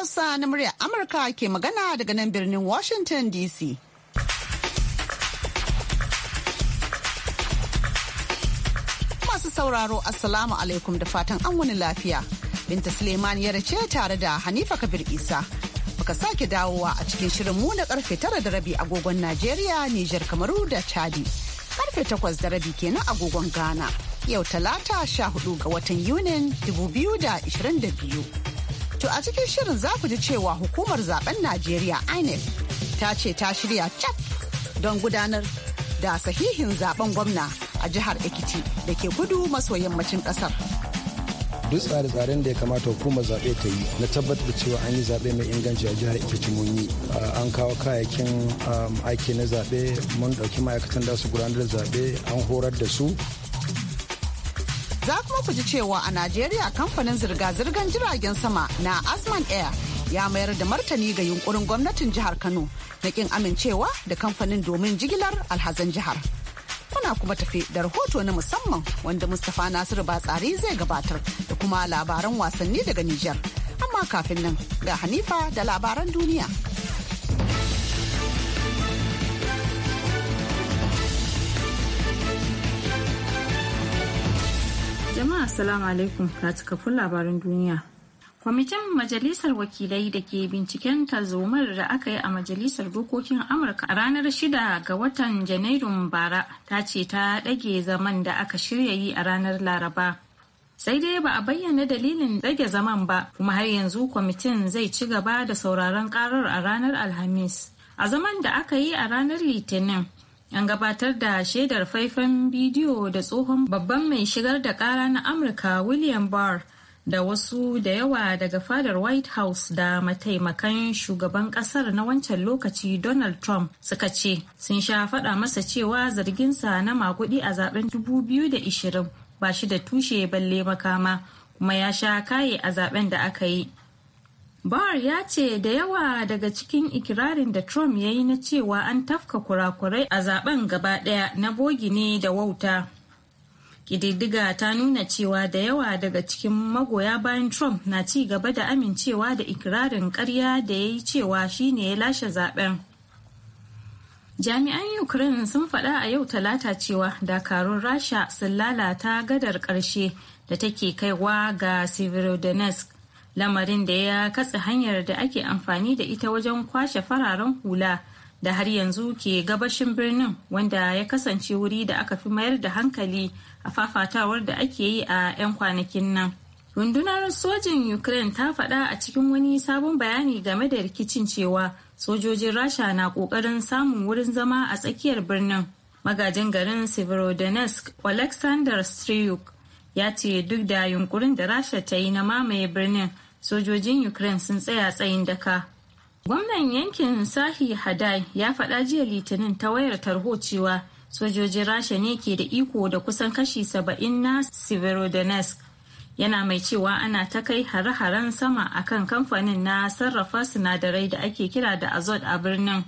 Hausa na muryar Amurka ke magana daga nan birnin Washington DC. Masu sauraro Assalamu alaikum da fatan an wani lafiya. Binta Suleiman ya race tare da Hanifa Kabir Isa. baka sake dawowa a cikin shirin mu na karfe tara da rabi agogon Najeriya, Nijar, Kamaru da Chadi. Karfe takwas da rabi kenan agogon Ghana. Yau talata sha hudu ga watan Yunin 2022. To a cikin shirin za ku ji cewa hukumar zaben Najeriya INEC ta ce ta shirya cap don gudanar da sahihin zaben gwamna a jihar Ekiti da ke gudu maso yammacin kasar. duk tsare-tsaren da ya kamata hukumar zaɓe ta yi na tabbatar da cewa an yi zaɓe mai inganci a jihar Ekiti mun yi an kawo kayayyakin um, aiki na zaɓe mun ɗauki ma'aikatan da su gudanar da zaɓe an horar da su Za kuma ku ji cewa a Najeriya kamfanin zirga-zirgar jiragen sama na Asman Air ya mayar da martani ga yunkurin gwamnatin jihar Kano na kin amincewa da kamfanin domin jigilar alhazan jihar. Kuna kuma tafi da rahoto na musamman wanda Mustapha Nasiru Batsari zai gabatar da kuma labaran wasanni daga Nijar. Amma kafin nan ga Hanifa da labaran duniya. assalamu alaikum cika cikakkun labarin duniya kwamitin majalisar wakilai da ke binciken tarzomar da aka yi a majalisar dokokin amurka a ranar shida ga watan janairun bara ta ce ta ɗage zaman da aka shirya yi a ranar laraba sai dai ba a bayyana dalilin ɗage zaman ba kuma har yanzu kwamitin zai ci gaba da sauraron karar a ranar alhamis a zaman da aka yi a ranar litinin an gabatar da shaidar faifan bidiyo da tsohon babban mai shigar da kara na amurka william barr da wasu da yawa daga fadar white house da mataimakan shugaban kasar na wancan lokaci donald trump suka ce sun sha faɗa masa cewa zarginsa na makudi a zaben 2020 ba shi da tushe balle makama kuma ya sha kaye a zaben da aka yi Barr ya ce da yawa daga cikin ikirarin da Trump ya yi na cewa an tafka kurakurai a zaben gaba ɗaya na bogi ne da wauta. Ƙididdiga ta nuna cewa da yawa daga cikin magoya bayan Trump na ci gaba da amincewa da ikirarin ƙarya da ya yi cewa shi ne ya lashe zaben. Jami'an Ukraine sun faɗa a yau talata cewa dakarun Rasha sun lalata gadar ƙarshe da take kaiwa ga Severodonetsk lamarin da ya katse hanyar da ake amfani da ita wajen kwashe fararen hula da har yanzu ke gabashin birnin wanda ya kasance wuri da aka fi mayar da hankali a fafatawar da ake yi a 'yan kwanakin nan rundunar sojin ukraine ta faɗa a cikin wani sabon bayani game da rikicin cewa sojojin rasha na ƙoƙarin samun wurin zama a tsakiyar birnin magajin garin severodonetsk alexander striuk ya ce duk da yunkurin da rasha ta yi na mamaye birnin sojojin ukraine sun tsaya tsayin daka gwamnan yankin sahi hadai ya faɗa jiya litinin ta wayar tarho cewa sojojin rasha ne ke da iko da kusan kashi saba'in na severodonetsk yana mai cewa ana ta kai hare-haren sama akan kamfanin na sarrafa sinadarai da ake kira da azod a birnin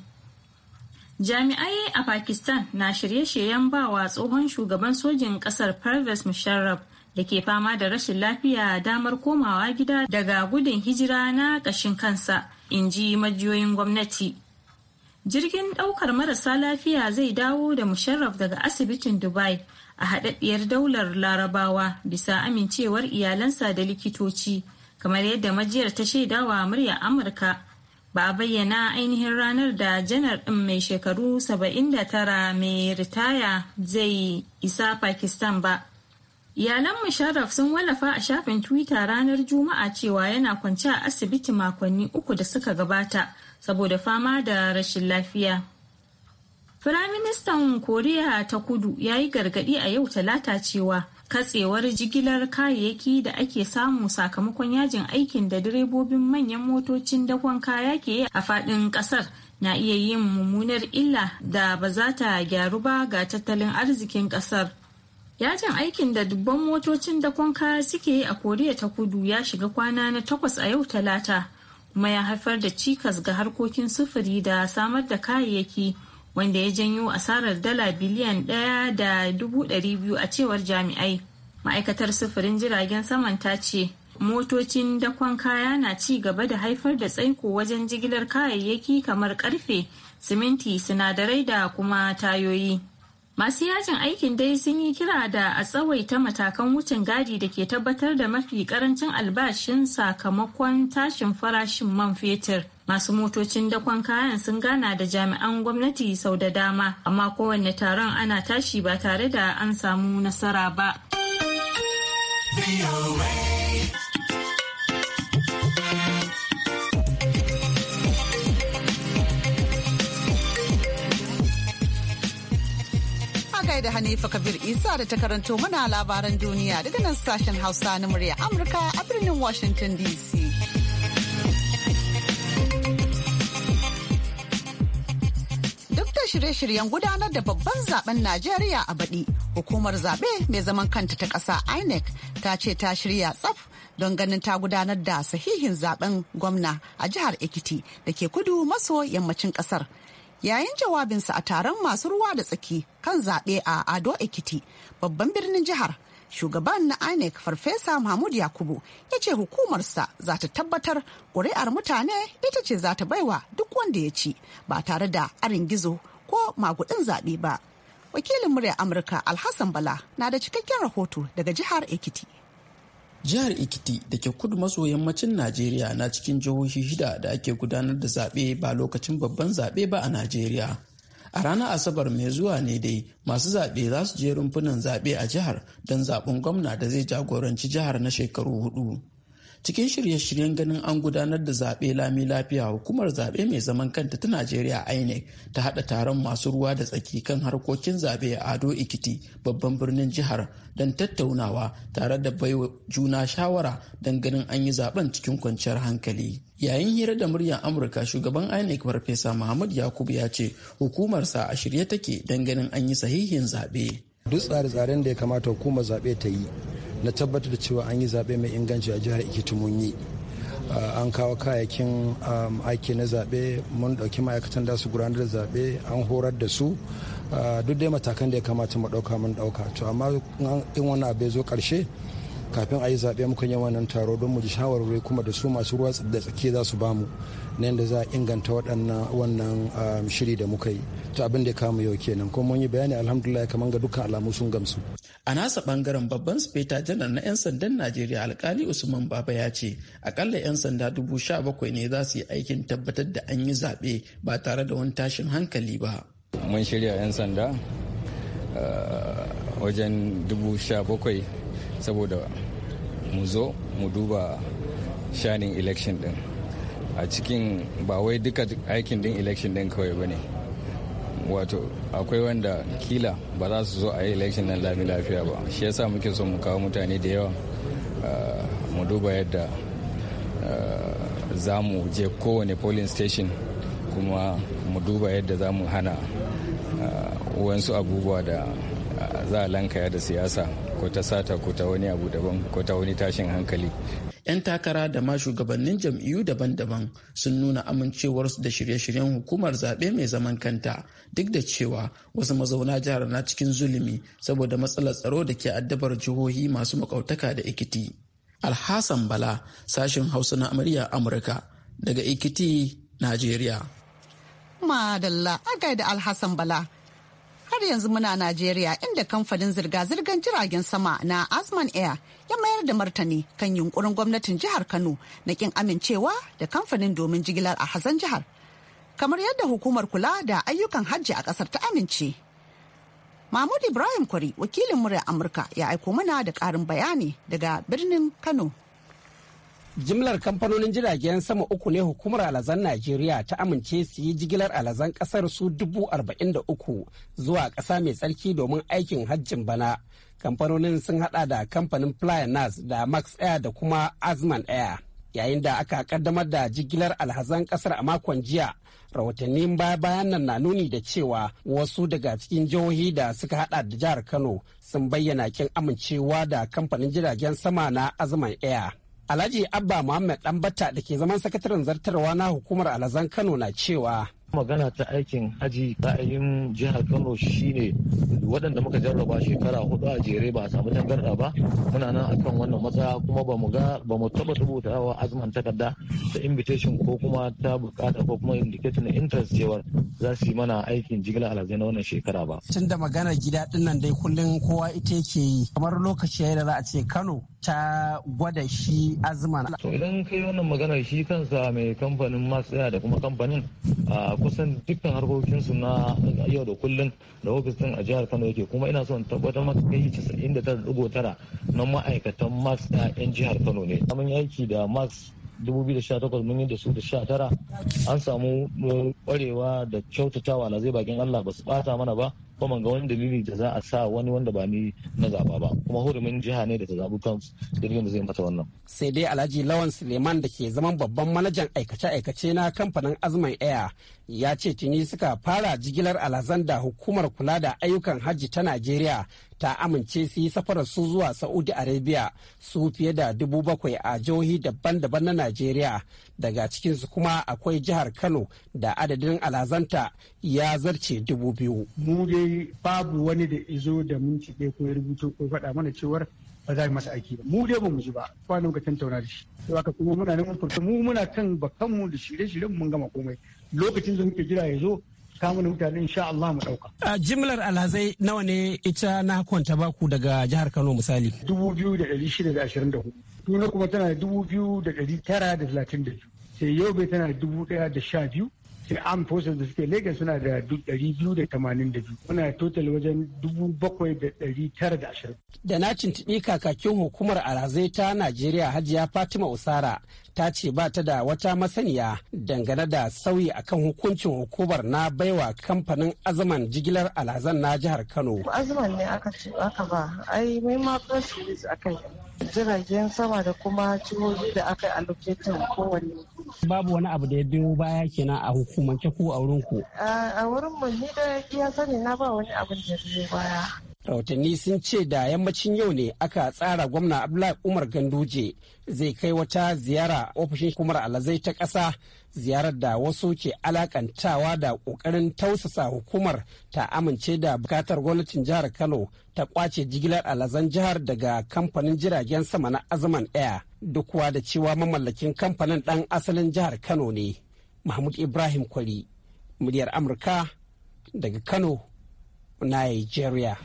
jami'ai a pakistan na shirye-shiryen bawa tsohon shugaban sojin kasar pervez musharraf da ke fama da rashin lafiya damar komawa gida daga gudun hijira na ƙashin kansa in ji majiyoyin gwamnati jirgin ɗaukar marasa lafiya zai dawo da musharraf daga asibitin dubai a haɗaɗɗiyar daular larabawa bisa amincewar iyalansa da likitoci kamar yadda majiyar ta shaidawa murya amurka ba a bayyana ainihin ranar da janar din mai shekaru 79 mai ritaya zai isa pakistan ba Iyalan Musharraf sun wallafa a shafin Twitter ranar Juma'a cewa yana kwance a asibiti makonni uku da suka gabata saboda fama da rashin lafiya. Firaministan Koriya ta kudu ya yi gargaɗi a yau talata cewa katsewar jigilar kayayyaki da ake samu sakamakon yajin aikin da direbobin manyan motocin dakon kaya ke a faɗin ƙasar na iya yin mummunar illa da ba za ta gyaru ba ga tattalin arzikin ƙasar. yajin aikin da dubban motocin dakon kaya suke yi a koriya ta kudu ya shiga kwana na takwas a yau talata kuma ya haifar da cikas ga harkokin sufuri da samar da kayayyaki wanda ya janyo asarar dala biliyan ɗaya da dubu ɗari biyu a cewar jami'ai ma'aikatar sufurin jiragen saman ta ce motocin dakon kaya na ci gaba da haifar da tsaiko wajen jigilar kayayyaki kamar karfe siminti sinadarai da kuma tayoyi Masu yajin aikin dai sun yi kira da a tsawaita matakan wucin gadi da ke tabbatar da mafi karancin albashin sakamakon tashin farashin man fetur. Masu motocin dakon kayan sun gana da jami'an gwamnati sau da dama, amma kowanne taron ana tashi ba tare da an samu nasara ba. da Hanifa Kabir Isa da ta karanto mana labaran duniya daga nan sashen Hausa na murya Amurka a birnin Washington DC. Duk da shirye-shiryen gudanar da babban zaben Najeriya a baɗi, hukumar zaɓe mai zaman kanta ta ƙasa INEC ta ce ta shirya tsaf don ganin ta gudanar da sahihin zaben gwamna a jihar Ekiti da ke kudu maso yammacin ƙasar. yayin jawabinsa a taron masu ruwa da tsaki kan zaɓe a ado ekiti babban birnin jihar shugaban na inec farfesa mahmud yakubu ya ce hukumarsa za ta tabbatar ƙuri'ar mutane ita ce za ta baiwa duk wanda ya ci ba tare da arin gizo ko magudin zaɓe ba wakilin murya amurka alhassan bala na da cikakken rahoto daga jihar ekiti jihar ikiti da ke kudu maso yammacin najeriya na cikin jihohi shida da ake gudanar da zaɓe ba lokacin babban zaɓe ba a najeriya a ranar asabar mai zuwa ne dai masu zaɓe za su je rumfunan zaɓe a jihar don zaɓen gwamna da zai jagoranci jihar na shekaru hudu cikin shirye-shiryen ganin an gudanar da zaɓe lami lafiya hukumar zaɓe mai zaman kanta ta najeriya inec ta haɗa taron masu ruwa da tsaki kan harkokin zaɓe a ado ikiti babban birnin jihar don tattaunawa tare da baiwa juna shawara don ganin an yi zaɓen cikin kwanciyar hankali yayin hira da muryar amurka shugaban inec farfesa muhammad yakubu ya ce hukumarsa a shirye take don ganin an yi sahihin zaɓe Duk tsare-tsaren da ya kamata hukumar zaɓe ta yi na tabbatar da cewa an yi zaɓe mai inganci a jihar ikiti mun yi. an kawo kayayyakin um, aiki na zaɓe mun ɗauki ma'aikatan da su gudanar da zaɓe an horar da su duk dai matakan da ya kamata mu ɗauka mun ɗauka to amma in wani abu ya zo ƙarshe kafin a yi zaɓe muka yi wannan taro don mu ji shawarwari kuma da su masu ruwa da tsaki za su bamu na yadda za a inganta waɗannan wannan um, shiri da muka yi ta abin da kama yau kenan kuma mun yi bayani alhamdulillah kamar ga dukkan alamu sun gamsu. a nasa bangaren babban speta janar na 'yan sandan najeriya alkali usman baba ya ce akalla 'yan sanda dubu sha bakwai ne za su yi aikin tabbatar da an yi zaɓe ba tare da wani tashin hankali ba. mun shirya 'yan sanda uh, wajen dubu sha bakwai saboda mu zo mu duba shanin election din a cikin ba wai duka aikin din election din kawai ba ne wato akwai wanda kila ba za su zo a yi election nan lami lafiya ba shi yasa muke so mu kawo mutane da yawa ah, mu duba yadda ah, za mu je kowane polling station kuma mu duba yadda za mu hana ah, wasu abubuwa da za a lankaya da siyasa ko ta sata ko ta wani abu daban ko ta wani tashin hankali 'yan takara da ma shugabannin jam'iyyu daban-daban sun nuna amincewarsu da shirye-shiryen hukumar zaɓe mai zaman kanta duk da cewa wasu mazauna jihar na cikin zulumi saboda matsalar tsaro da ke addabar jihohi masu makautaka da ikiti alhassan bala sashen hausa na amarya amurka daga ikiti najeriya madalla da alhassan bala har yanzu muna Najeriya inda kamfanin zirga-zirgar jiragen sama na Asman Air ya mayar da martani kan yunkurin gwamnatin jihar Kano na kin amincewa da kamfanin domin jigilar a hazan jihar. Kamar yadda hukumar kula da ayyukan hajji a ƙasar ta amince. Mahmud Ibrahim Kwari wakilin murya Amurka ya aiko mana da ƙarin bayani daga birnin Kano. jimlar kamfanonin jiragen sama uku ne hukumar alazan najeriya ta amince su yi jigilar alazan kasar su dubu arba'in da uku zuwa ƙasa mai tsarki domin aikin hajjin bana kamfanonin sun hada da kamfanin flynas da max air da kuma azman air yayin da aka kaddamar da jigilar alhazan kasar a makon jiya rahotannin baya bayan nan na nuni da cewa wasu daga cikin jihohi da suka hada da jihar kano sun bayyana kin amincewa da kamfanin jiragen sama na azman air Alhaji Abba Muhammad Ɗanbata da ke zaman sakataren zartarwa na hukumar Alazan Kano na cewa. magana ta aikin haji ra'ayin jihar kano shine waɗanda muka jarraba shekara hudu a jere ba a samu tangarda ba muna nan akan wannan matsaya kuma ba mu ga ba mu taɓa rubuta wa takarda ta invitation ko kuma ta bukata ko kuma indicating interest cewa za su yi mana aikin jigila alazai na wannan shekara ba. tun da maganar gida dinnan dai kullum kowa ita yake yi kamar lokaci ya da za a ce kano ta gwada shi azman. To idan kai wannan magana shi kansa mai kamfanin matsaya da kuma kamfanin a kusan dukkan harkokinsu na yau da kullun da ofis a jihar Kano yake kuma ina son tabbatar maka kai tara na ma'aikatan matsaya 'yan jihar Kano ne. Kamar aiki da max 2018 mun yi da su da sha tara an samu kwarewa uh, da kyautatawa na zai bakin Allah ba su bata mana ba kuma ga wani dalili da za a sa wani wanda ba ni na zaba ba kuma hurumin jiha ne da ta zabi kan dalilin da zai mata wannan sai dai alhaji lawan suleiman da ke zaman babban manajan aikace-aikace na kamfanin azumin air ya ce tuni suka fara jigilar alazan da hukumar kula da ayyukan hajji ta najeriya ta amince su yi safarar su zuwa Saudi Arabia su fiye da dubu bakwai a jihohi daban-daban na Najeriya daga cikinsu kuma akwai jihar Kano da adadin alazanta ya zarce dubu biyu. Mu dai babu wani da izo da mun cike ko ya rubuto ko faɗa mana cewar ba za mu masa aiki ba mu dai ba mu ji ba ba nan ka tantauna da shi to aka kuma muna neman furta mu muna kan bakanmu da shirye-shiryen mun gama komai lokacin da muke jira ya zo kamun mutane in sha Allah mu dauka. A jimlar alhazai nawa ne ita na kwanta baku daga jihar Kano misali? Dubu biyu da ɗari shida da ashirin da hudu. Tuna kuma tana da dubu biyu da ɗari tara da talatin da biyu. Sai Yobe tana da dubu ɗaya da sha biyu. Sai Armed Forces da suke Lagos suna da ɗari biyu da tamanin da biyu. Muna total wajen dubu bakwai da ɗari tara da ashirin. Da na tuntuɓi kakakin hukumar alhazai ta Najeriya Hajiya Fatima Usara ta ce ba ta da wata masaniya dangane da sauyi akan hukuncin hukumar na baiwa kamfanin azuman jigilar alhazan na jihar kano azuman ne aka ce aka ba ai mai ma press release akai jiragen sama da kuma jihohi da aka allocating kowanne babu wani abu da ya biyo baya kenan a hukumance ko a wurin ku a wurin mu ni da iya sani na ba wani abin da ya biyo baya rahotanni sun ce da yammacin yau ne aka tsara gwamna abdullahi umar ganduje zai kai wata ziyara ofishin kumar alazai ta ƙasa ziyarar da wasu ke alakantawa da ƙoƙarin tausasa hukumar ta amince da bukatar gwamnatin jihar kano ta kwace jigilar alazan jihar daga kamfanin jiragen sama na azuman air duk da cewa mamallakin kamfanin ɗan asalin jihar kano ne mahmud ibrahim kwari muryar amurka daga kano nigeria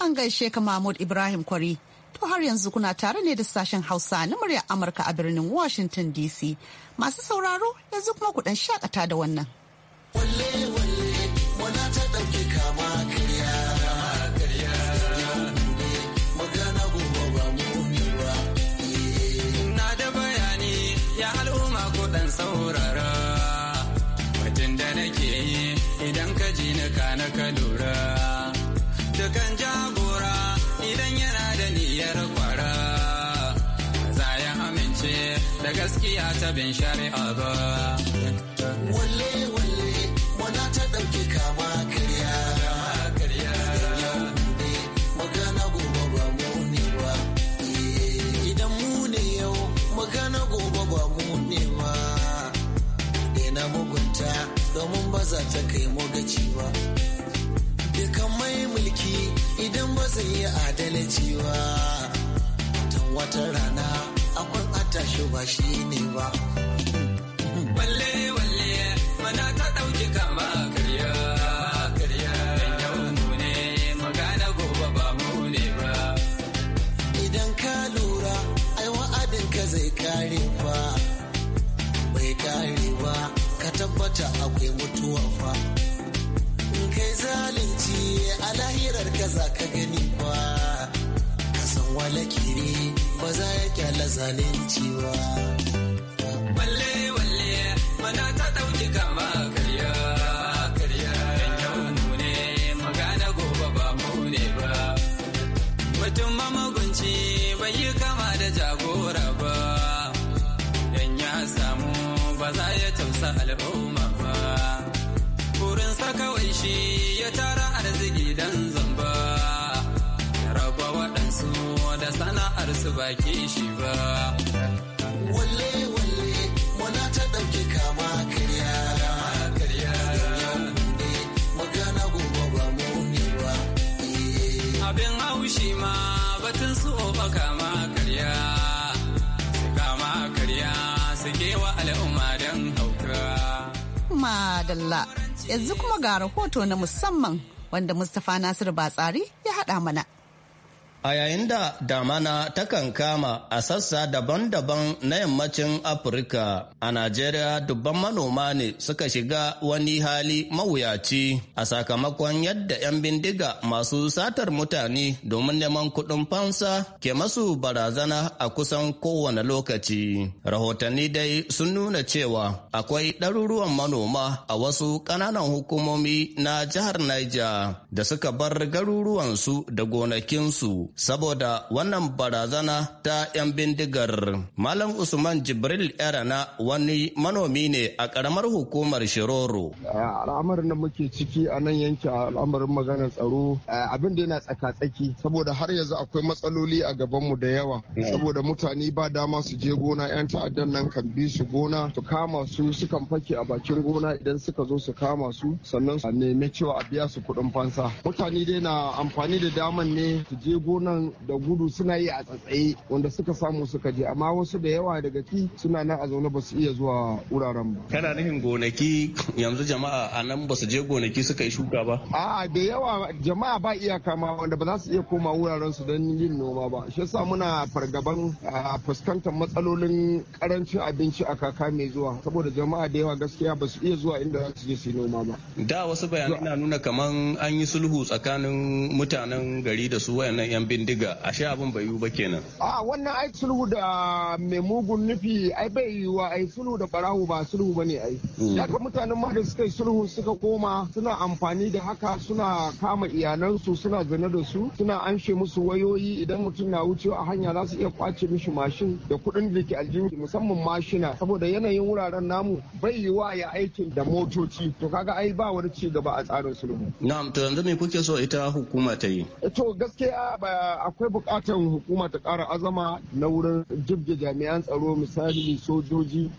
An gaishe ka Mahmud Ibrahim Kwari. To har yanzu kuna tare ne da sashen Hausa na muryar Amurka a birnin Washington DC. Masu sauraro yanzu kuma ku dan shakata da wannan. wana ta... gaskiya ta bin shari'a ba. Walle walle wana ta ɗauke kama karya. Magana gobe ba mu ne ba. Eh, idan mu ne yau magana gobe ba mu ne ba. Daina mugunta domin baza ta kai mu gaci ba. Dukan mai mulki idan ba zai yi adalci ba. Tan wata rana ta shi ba shi ne ba. Walle walle mana ta ɗauki kama. zalunci walle walle mana ta ɗauki kama karya karya yau ne magana gobe ba mu ne ba mutum mamugunci bai yi kama da jagora ba dan ya samu ba za ya tausa al'umma ba burinsa kawai shi Dalla. yanzu kuma ga rahoto na musamman wanda Mustapha Nasiru Batsari ya haɗa mana. A yayin da damana takan kama a sassa daban-daban na yammacin Afirka, a Najeriya dubban manoma ne suka shiga wani hali mawuyaci a sakamakon yadda 'yan bindiga masu satar mutane domin neman kuɗin fansa ke masu barazana a kusan kowane lokaci. Rahotanni dai sun nuna cewa akwai ɗaruruwan manoma a wasu ƙananan hukumomi na jihar Niger da suka bar garuruwansu da gonakinsu saboda wannan barazana ta 'yan bindigar. Malam Usman Jibril Erana wani manomi ne a ƙaramar hukumar Shiroro. Al'amarin da muke ciki a nan yanki al'amarin maganar tsaro abin da yana tsaka-tsaki saboda har yanzu akwai matsaloli a gabanmu da yawa saboda mutane ba dama su je gona 'yan ta'addan nan kan bi su gona su kama su sukan fake a bakin gona idan suka zo su kama su sannan su nemi cewa a biya su kuɗin fansa. Mutane dai na amfani da daman ne su je gona nan da gudu suna yi a tsatsaye wanda suka samu suka je amma wasu da yawa daga ki suna nan a zaune ba su iya zuwa wuraren ba kana nufin gonaki yanzu jama'a a nan ba su je gonaki suka yi shuka ba a'a da yawa jama'a ba iya kama wanda ba za su iya koma wuraren su don yin noma ba shi yasa muna fargaban fuskantar matsalolin karancin abinci a kaka mai zuwa saboda jama'a da yawa gaskiya ba su iya zuwa inda za su je su noma ba da wasu bayanai na nuna kaman an yi sulhu tsakanin mutanen gari da su wayannan yan bindiga a sha abin bai yiwu ba kenan. A wannan ai sulhu da mai mugun nufi ai bai yiwuwa ai sulhu da barahu ba sulhu ba ne ai. Daga hmm. mutanen ma da suka yi sulhu suka koma suna amfani da haka suna kama iyalansu suna zane da su suna anshe musu wayoyi idan mutum na wucewa a hanya za su iya kwace mishi mashin da kuɗin da ke aljihu musamman mashina saboda yanayin wuraren namu bai yiwuwa ya aikin da motoci to kaga ai ba wani ci gaba a tsarin sulhu. Na'am to yanzu me kuke so ita hukuma ta yi? Eh, to gaskiya ba akwai bukatar hukuma ta kara azama na wurin jibge jami'an tsaro misali sojoji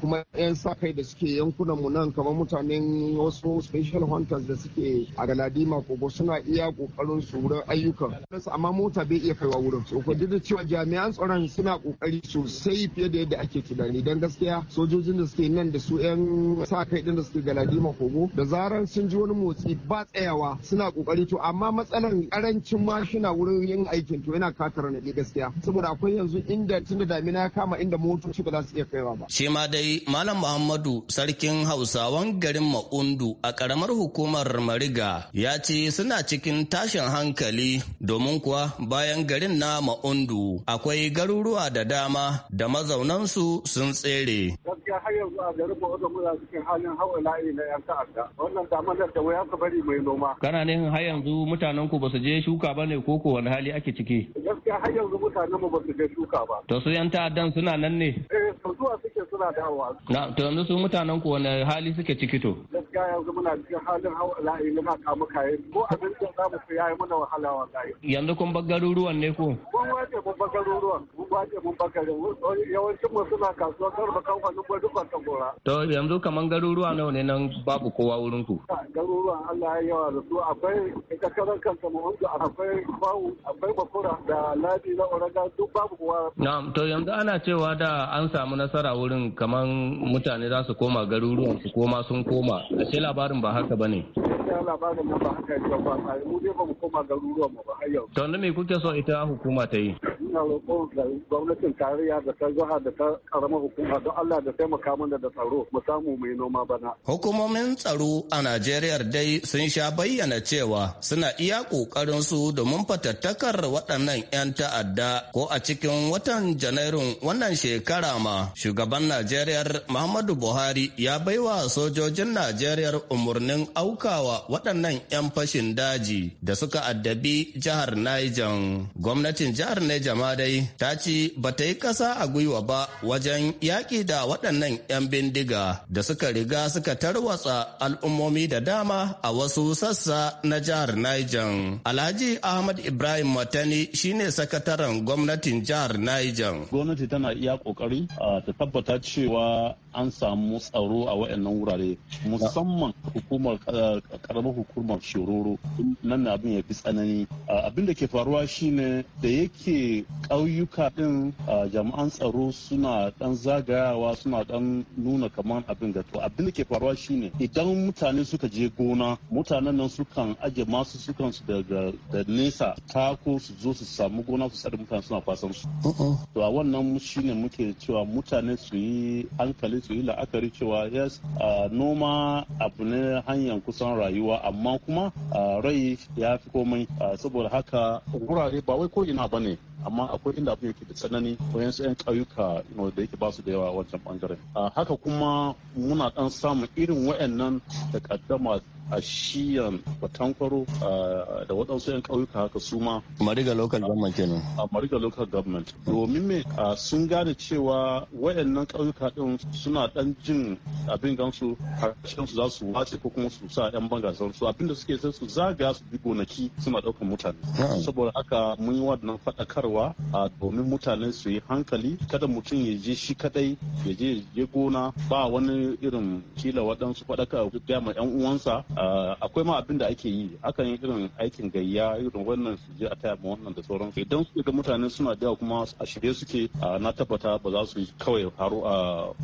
kuma 'yan sa kai da suke yankunan mu nan kamar mutanen wasu special hunters da suke a galadima kogo suna iya kokarin su wurin ayyukan amma mota bai iya kaiwa wurin so ko da cewa jami'an tsaron suna kokari sosai fiye da yadda ake tunani dan gaskiya sojojin da suke nan da su 'yan sa kai din da suke galadima kogo da zaran sun ji wani motsi ba tsayawa suna kokari to amma matsalar karancin mashina wurin yin aikin to yana katar na gaskiya saboda akwai yanzu inda tun da damina ya kama inda motoci ba za su iya kaiwa ba shi ma dai malam muhammadu sarkin hausawan garin maundu a karamar hukumar mariga ya ce suna cikin tashin hankali domin kuwa bayan garin na maundu akwai garuruwa da dama da mazaunan su sun tsere gaskiya har yanzu a garin maundu muna cikin halin layi na yan ta'adda wannan damar da wuya ka bari mai noma kana ne har yanzu mutanen ku ba su je shuka ba ne ko koko wani hali ake ciki gaskiya har yanzu mutanen mu ba su je shuka ba. To su yan ta'addan suna nan ne? Eh zuwa suke suna dawowa. Na to yanzu su mutanen ku wani hali suke ciki to? Gaskiya yanzu muna cikin halin hawala'i na kama kayan. ko abin da za mu su yayi muna wahala kayan? Yanzu kun bar garuruwan ne ko? Kun wace mun bar garuruwan, mun wace mun bar garuruwan. Yawancin mu suna kasuwa kan kamfanin gwai duk ta gora. To yanzu kaman garuruwa nawa ne nan babu kowa wurin ku? Garuruwan Allah ya yawa da su akwai ita karan kanta mu akwai bawu akwai bakura da nafi na oraga duk babu kowa na'am to yanzu ana cewa da an samu nasara wurin kaman mutane za su koma garuruwan su koma sun koma a ce labarin ba haka bane labarin nan ba haka ne ba mu dai ba mu koma garuruwan ba har yau to me kuke so ita hukuma ta yi ina roƙon gwamnatin tarayya da ta jiha da ta karamar hukuma don Allah da taimaka mana da tsaro mu samu mai noma bana hukumomin tsaro a Najeriya dai sun sha bayyana cewa suna iya ƙoƙarin su domin fatattakar waɗannan 'yan bayan ta'adda ko a cikin watan Janairun wannan shekara ma shugaban Najeriya Muhammadu Buhari ya baiwa sojojin Najeriya umarnin aukawa waɗannan 'yan fashin daji da suka addabi jihar Niger. Gwamnatin jihar Niger ma dai ta ci ba ta yi ƙasa a gwiwa ba wajen yaƙi da waɗannan 'yan bindiga da suka riga suka tarwatsa al'ummomi da dama a wasu sassa na jihar Niger. Alhaji Ahmad Ibrahim Matani shine sakataren gwamnatin jihar Niger. Gwamnati tana iya kokari ah, ta tabbata cewa an samu tsaro a waɗannan wurare musamman hukumar karamar eh, hukumar shororo nan na abin ya fi tsanani eh, abin da ke faruwa shine da yake ƙauyuka ɗin eh, jami'an tsaro suna ɗan zagayawa suna ɗan nuna kamar abin gato abin da ke faruwa shine idan mutane suka je gona mutanen nan sukan aje masu sukan su daga da nesa tako su zo su samu gona su tsare mutane suna kwasan su to a wannan shine muke cewa mutane su yi hankali su yi la'akari cewa yes noma abu ne hanyar kusan rayuwa amma kuma rai ya fi komai saboda haka wurare ba wai ko ina ba ne amma akwai inda abin yake da tsanani wayan yan ƙauyuka da yake su da yawa a wancan bangaren haka kuma muna dan samun irin da takaddama a shiyan batankwaro da waɗansu 'yan ƙauyuka haka su ma. Mariga local government kenan. A Mariga local government. Domin me sun gane cewa wa'annan ƙauyuka ɗin sun suna dan jin abin gansu harshen su za su wace ko kuma su sa yan banga su abin da suke sai su zaga su bi gonaki suna ɗaukar mutane saboda aka mun yi wannan fadakarwa a domin mutane su yi hankali kada mutum ya je shi kadai ya je ya gona ba wani irin kila waɗansu fadaka. ga ma yan uwansa akwai ma abin ake yi akan yi irin aikin gayya irin wannan su je a taya ma wannan da sauran. idan su ga mutane suna da kuma a shirye suke na tabbata ba za su yi kawai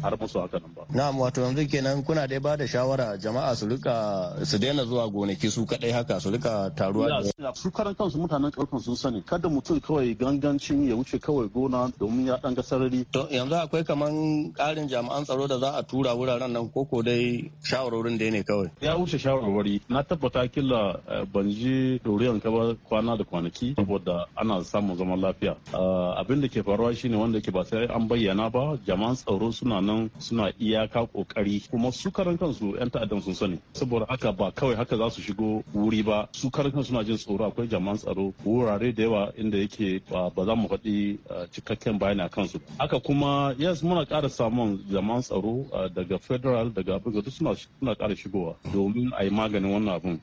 har musu su haka nan ba. Na'am wato yanzu kenan kuna dai ba da shawara jama'a su rika su daina zuwa gonaki su kadai haka su rika taruwa. Su karan kansu mutanen ƙauyukan sun sani kada mutum kawai gangancin ya wuce kawai gona domin ya ɗan ga sarari. To yanzu akwai kaman ƙarin jami'an tsaro da za a tura wuraren nan ko dai shawarorin da ne kawai. Ya wuce shawarwari na tabbata killa eh, ban ji ɗoriyan ka ba kwana da kwanaki saboda ana samun zaman lafiya. Ah, abin da ke faruwa shine wanda ke ba sai an bayyana ba jama'an tsaro suna nan suna iyaka kokari kuma su karan kansu yan ta'addan sun sani saboda haka ba kawai haka za su shigo wuri ba su karan kansu suna jin tsoro akwai jaman tsaro wurare da yawa inda yake ba za mu faɗi cikakken bayani a kansu haka kuma yes muna ƙara samun jama'an tsaro daga federal daga abuja duk suna ƙara shigowa domin a yi maganin wannan abun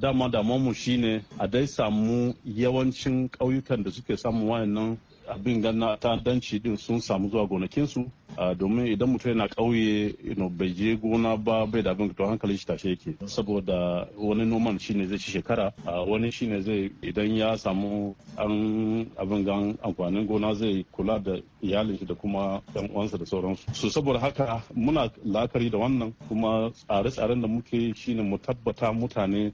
dama damuwar mu shine a dai samu yawancin ƙauyukan da suke samun wayannan abin ganna danci din sun samu zuwa gonakinsu domin idan mutum yana ƙauye bai je gona ba bai da abin to hankali shi tashe yake saboda wani noman shine zai ci shekara wani shine zai idan ya samu an abin gan amfanin gona zai kula da iyalin shi da kuma yan uwansa da sauransu su saboda haka muna lakari da wannan kuma tsare-tsaren da muke shine mu tabbata mutane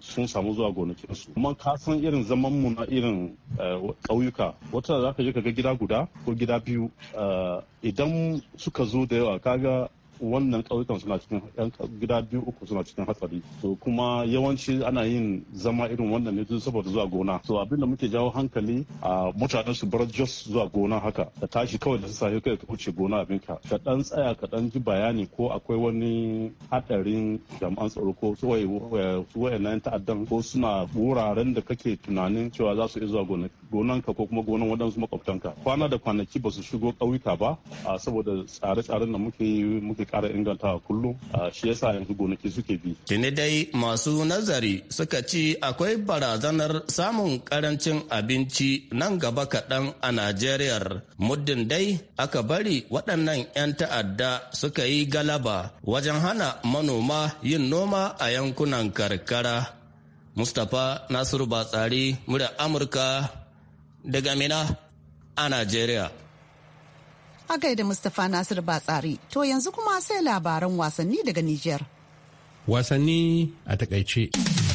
sun samu zuwa gonakinsu kuma kasan irin zaman mu na irin ƙauyuka wata za ka je ka ga gida guda ko gida biyu eh, idan suka zo da yawa kaga wannan ƙauyukan suna cikin gida biyu uku suna cikin hatsari to kuma yawanci ana yin zama irin wannan ne duk saboda zuwa gona to abin da muke jawo hankali a mutanen su bar jos zuwa gona haka ka tashi kawai da safe kai ka wuce gona abin ka ka dan tsaya ka dan ji bayani ko akwai wani hadarin jami'an tsaro ko su wayannan ta'addan ko suna wuraren da kake tunanin cewa za su iya zuwa ka ko kuma gonan waɗansu makwabtanka kwana da kwanaki ba su shigo ƙauyuka ba saboda tsare-tsaren da muke muke kara inganta ingantawa kullum shi yasa yanzu gonaki suke bi. Tuni dai masu nazari suka ci akwai barazanar samun karancin abinci nan gaba kaɗan a Najeriya muddin dai aka bari waɗannan 'yan ta'adda suka yi galaba wajen hana manoma yin noma a yankunan karkara. Mustapha Nasiru Batsari, murya Amurka daga Mina a Najeriya. A gaida Mustapha nasiru Batsari, to yanzu kuma sai labaran wasanni daga Nijar. Wasanni a takaice.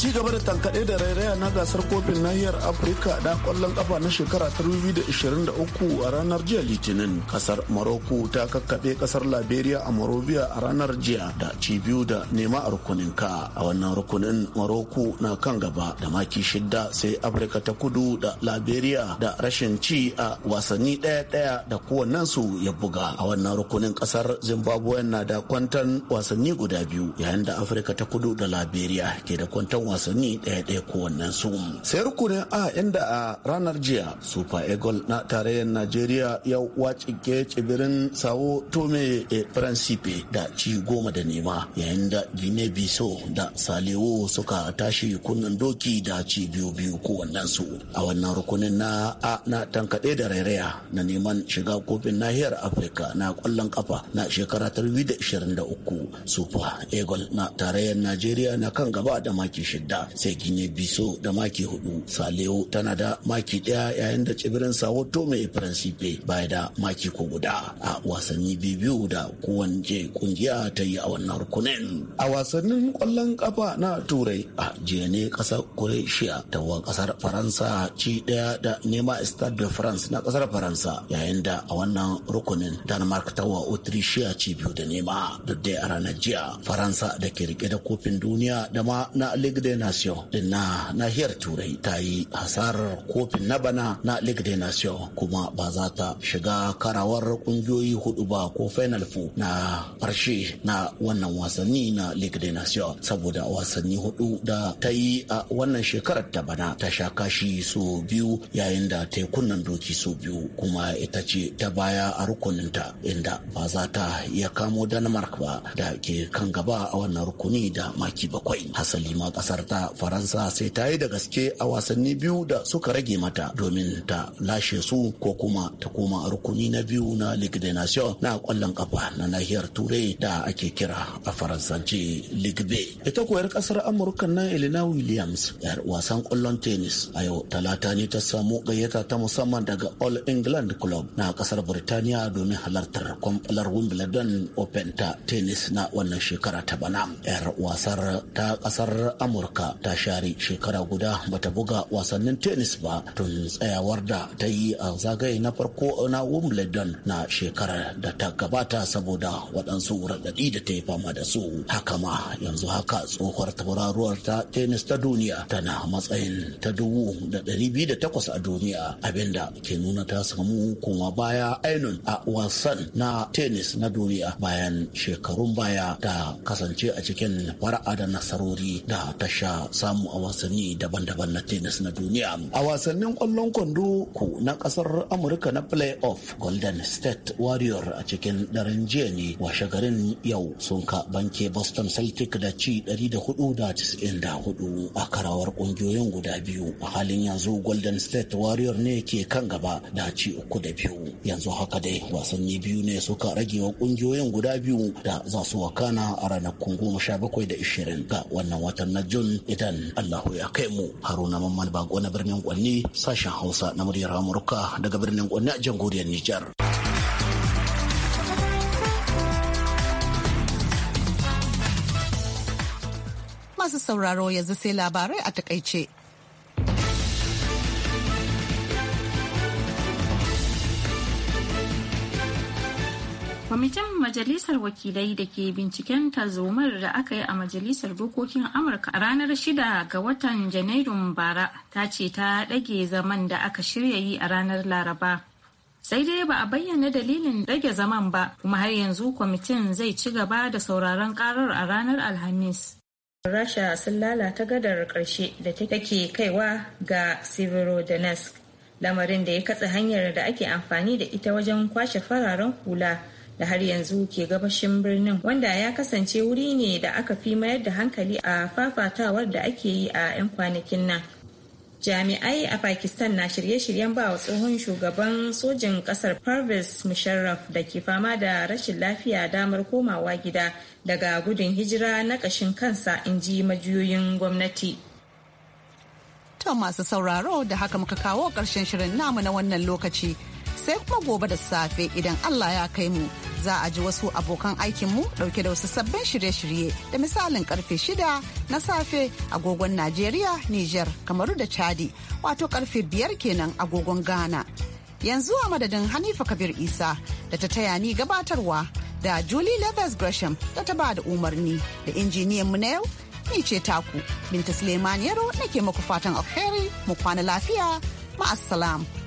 ci gaba da tankaɗe da rairaya na gasar kofin nahiyar afirka da kwallon kafa na shekara ta 2023 a ranar jiya litinin kasar maroko ta kakkaɓe kasar liberia a morovia a ranar jiya da ci biyu da nema a rukunin ka a wannan rukunin maroko na kan gaba da maki shidda sai afirka ta kudu da liberia da rashin ci a wasanni ɗaya ɗaya da kowannensu ya buga a wannan rukunin kasar zimbabwe na da kwantan wasanni guda biyu yayin da afirka ta kudu da liberia ke da kwantan wasanni ɗaya-ɗaya kowannen su sai rukunin a inda a ranar jiya super eagle na tarayyar najeriya ya wacike tsibirin sao tome e principe da ci goma da nema yayin da gine biso da salewo suka tashi kunnen doki da ci biyu biyu kowannen su a wannan rukunin na a na tankaɗe da rairaya na neman shiga kofin nahiyar afirka na kwallon kafa na shekara 2023 super eagle na tarayyar najeriya na kan gaba da maki shida sai ginye biso da maki hudu saleo tana da maki daya yayin da tsibirin sao tome e principe baya da maki ko guda a wasanni biyu da kowace kungiya ta yi a wannan rukunin a wasannin kwallon kafa na turai a jiya ne kasar croatia ta wa kasar faransa ci daya da nema stade de france na kasar faransa yayin da a wannan rukunin denmark ta wa autrichia ci biyu da nema duk da a ranar jiya faransa da ke rike da kofin duniya da ma na ligue de nation din na nahiyar turai ta yi hasar kofin na bana na league de nation kuma ba za ta shiga karawar kungiyoyi hudu ba ko final four na farshe na wannan wasanni na league de nation saboda wasanni hudu da ta yi a wannan shekarar ta bana ta sha kashi so biyu yayin da ta yi kunnan doki so biyu kuma ita ce ta baya a rukuninta inda ba za ta iya kamo Danmark ba da ke kan gaba a wannan rukuni da maki bakwai hasali ma kasar ta faransa sai ta yi da gaske a wasanni biyu da suka rage mata domin ta lashe su ko kuma ta koma rukuni na biyu na ligue des nations na kwallon kafa na nahiyar turai da ake kira a faransanci ligue b ita koyar kasar amurka na elena williams yar wasan kwallon tennis a yau talata ne ta samu gayyata ta musamman daga all england club na kasar birtaniya domin halartar kwamfalar wimbledon open ta tennis na wannan shekara ta bana yar wasar ta kasar amurka amurka ta share shekara guda bata buga wasannin tennis ba tun tsayawar da ta yi a zagaye na farko na wimbledon na shekarar da ta gabata saboda waɗansu raɗaɗi da ta yi fama da su haka ma yanzu haka tsohuwar tauraruwar ta tennis ta duniya tana matsayin ta dubu da ɗari biyu da takwas a duniya abinda ke nuna ta samu kuma baya ainun a wasan na tennis na duniya bayan shekarun baya ta kasance a cikin fara'a da nasarori da ta sha samu a wasanni daban-daban na tennis na duniya. A wasannin kwallon kwando ku na kasar Amurka na playoff Golden State Warrior a cikin daren jiya ne washe garin yau sun ka banke Boston Celtic da ci da 94 a karawar kungiyoyin guda biyu. A halin yanzu Golden State Warrior ne ke kan gaba da ci uku da biyu. Yanzu haka dai wasanni biyu ne suka rage wa kungiyoyin guda biyu da za su wakana a ranakun goma sha bakwai da ishirin ga wannan watan na litinin idan Allah ya kai mu Haruna Mamman bago na birnin Kwanni sashen Hausa na muryar Amurka daga birnin Kwanni a jamhuriyar Nijar. Masu sauraro yanzu sai labarai a takaice. kwamitin majalisar wakilai da ke binciken tarzomar da aka yi a majalisar dokokin amurka a ranar 6 ga watan janairun bara ta ce ta ɗage zaman da aka shirya yi a ranar laraba sai dai ba a bayyana dalilin ɗage zaman ba kuma har yanzu kwamitin zai ci gaba da sauraron karar a ranar alhamis rasha sun lalata gadar ƙarshe da take kaiwa ga severodonetsk lamarin da ya katse hanyar da ake amfani da ita wajen kwashe fararen hula da har yanzu ke gabashin birnin wanda ya kasance wuri ne da aka fi mayar da hankali a fafatawar da ake yi a 'yan kwanakin nan jami'ai a pakistan na shirye-shiryen ba tsohon shugaban sojin kasar parvez musharraf da ke fama da rashin lafiya damar komawa gida daga gudun hijira na ƙashin kansa in ji majiyoyin gwamnati to masu sauraro da haka muka kawo ƙarshen shirin namu na wannan lokaci sai kuma gobe da safe idan Allah ya kai mu za a ji wasu abokan aikinmu dauke da wasu sabbin shirye-shirye da misalin karfe shida na safe agogon Najeriya, Nijar, Kamaru da Chadi wato karfe biyar kenan agogon Ghana. Yanzu a madadin Hanifa Kabir Isa da ta taya ni gabatarwa da Julie Leathers Gresham da ta ba da umarni da injiniyan mu na yau ni ce taku Binta Suleiman Yaro nake muku fatan alheri mu kwana lafiya ma'asalam.